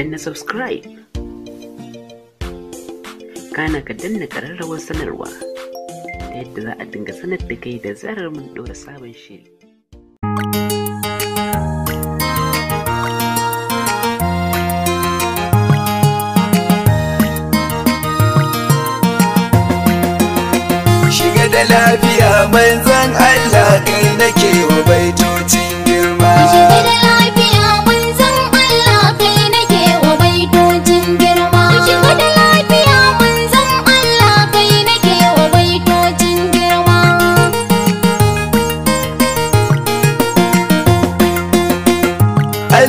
danna subscribe kana ka danna ƙararrawar sanarwa ta yadda za a dinga sanar da kai da zarar mun ɗora sabon shiri shiga da lafiya manzan Allah kai nake wa baitocin girma shiga da lafiya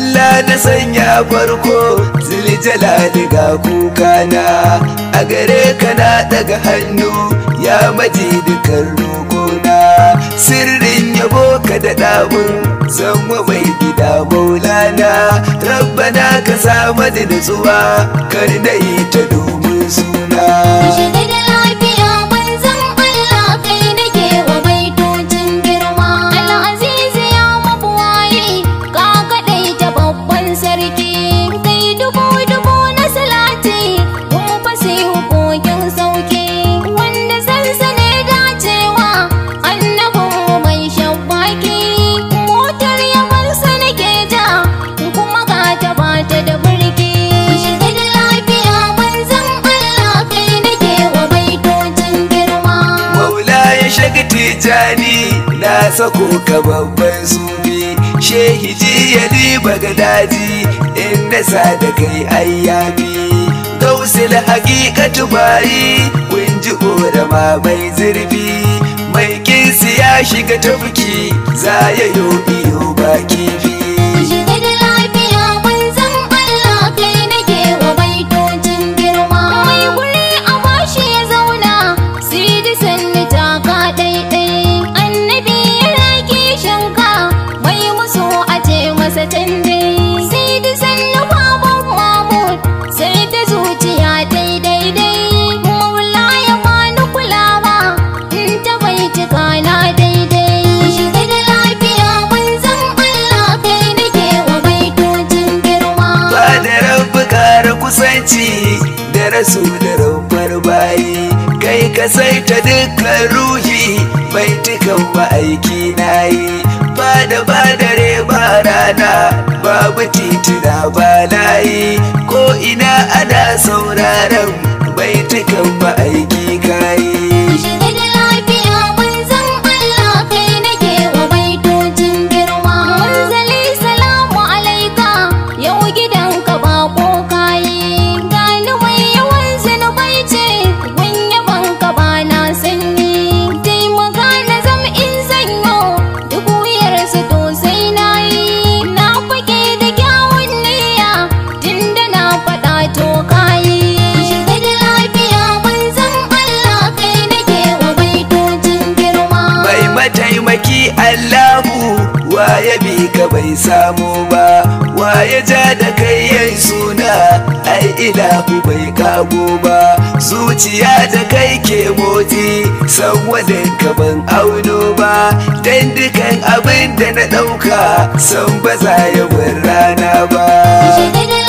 Allah da sanya farko jalali ga kukana a gare ka na daga hannu ya maji dukan rukuna sirrin yabo ka da ɗabun zanwa mai gida maulana rabbana ka samu da nutsuwa kar da ita domin suna sako ka babban sufi shehi jiya ni daji inda sa da kai ayyabi gausil hakikatu bayi kun ji korama mai zurfi mai kinsi ya shiga tafki za ya yo biyo baki ci da rasu da rumfar bayi kai ka saita dukkan ruhi mai tukan ma'aiki na yi ba da ba dare ba rana babu tituna ba layi ko ina ana sauraron ba ma'aiki ya ja da kai yai suna ai ku bai kago ba zuciya da kai ke moti san wajen ka ban auno ba dan dukan abin da na ɗauka san ba za ya rana ba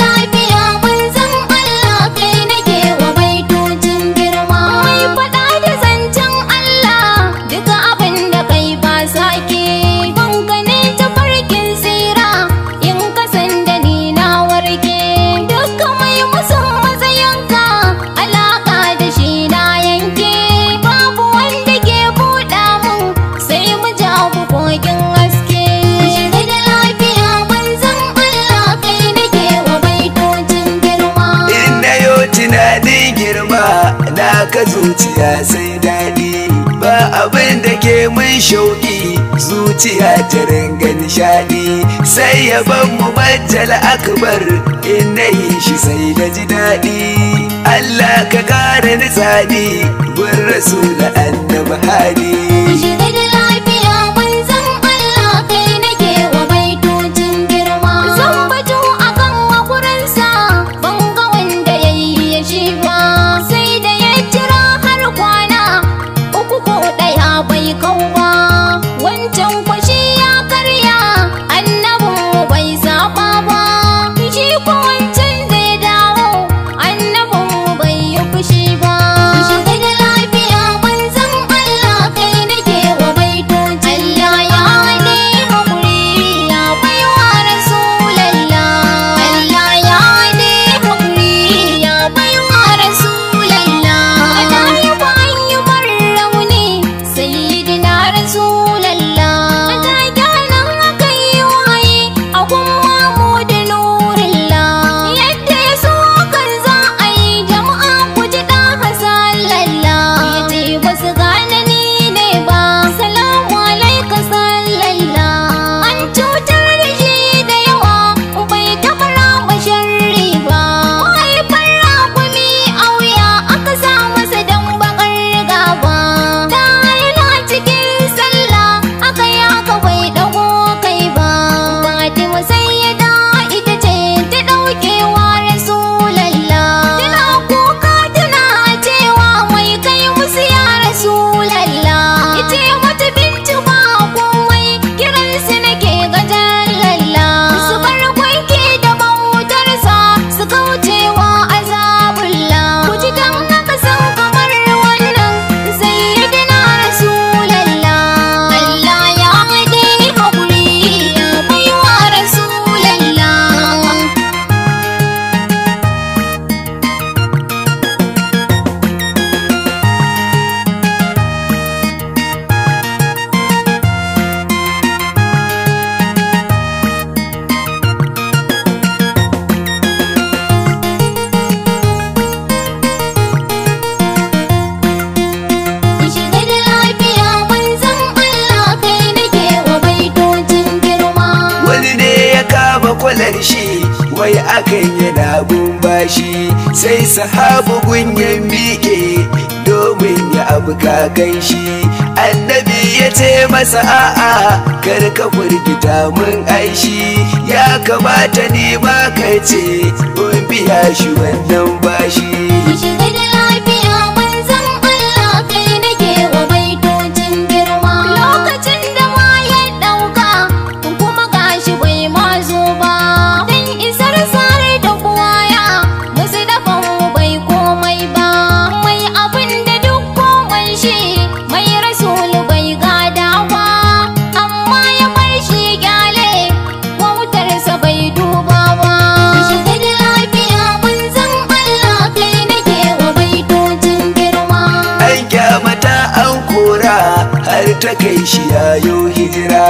zuciya sai daɗi ba abin da ke mun shauƙi zuciya ta ringa nishaɗi sai ya ban mu majal akbar in na yi shi sai da ji daɗi Allah ka ƙara nitsani gun rasu da annabi hadi Wai akan yana bashi sai sahabu gunyan miƙe domin ya abu kakan shi annabi ya ce masa a'a kar ka firgita mun aishi ya kamata ni ma ka ce biya shi wannan bashi ta kai shi yayo hijira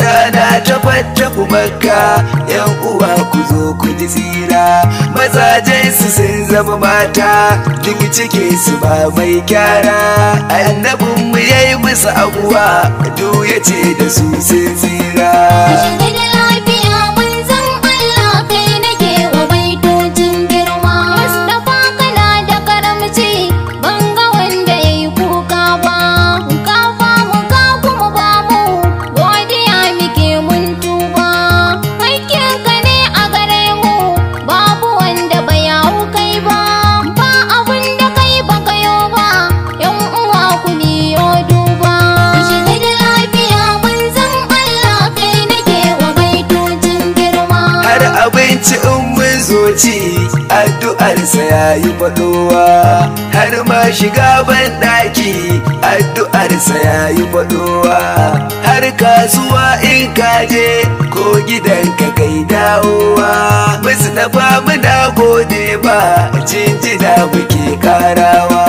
rana ta fata makka, yan uwa ku zo ku ji tsira mazajen su sun zama mata duk cike su ba mai kyara annabin mu yayi musu abuwa duk ya ce da su sun tsira addu'arsa yayi yi faɗowa har ma shiga banɗaki addu'arsa ya yi faɗowa har kasuwa in kaje ko gidanka kai dawowa musu na ba muna gode ba jinjina muke karawa.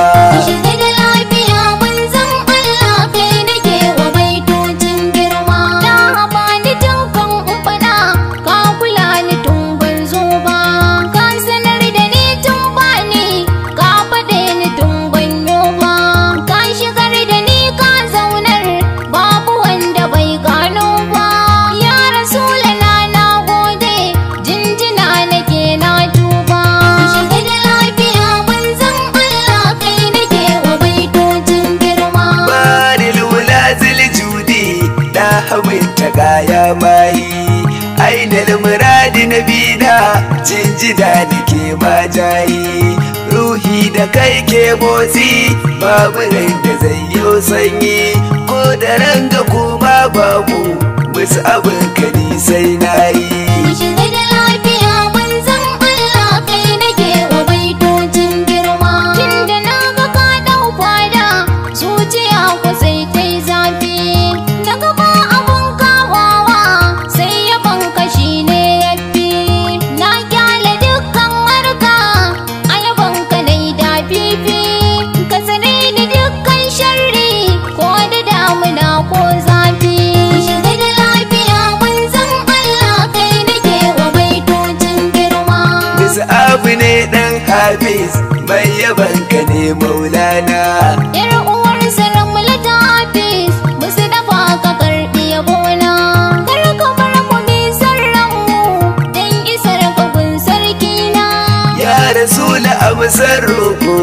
lafiya. ji daɗi ke majayi ruhi da kai ke motsi babu rai da zai yi sanyi ko da ranga kuma babu musu abin kani sai nayi abu ne ɗan hafiz mai yaban ka ne maulana yar uwar sarar mulata hafiz musu dafa ka karbi yabona kar ka bar mu bi sarran mu dan isar ka gun sarki na ya rasul abu sarruku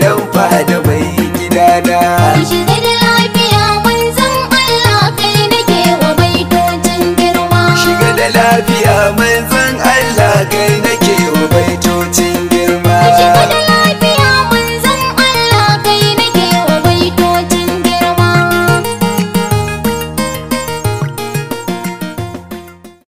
dan fada mai gidana shi da lafiya manzon Allah kai nake wa baitocin girma shiga da lafiya manzon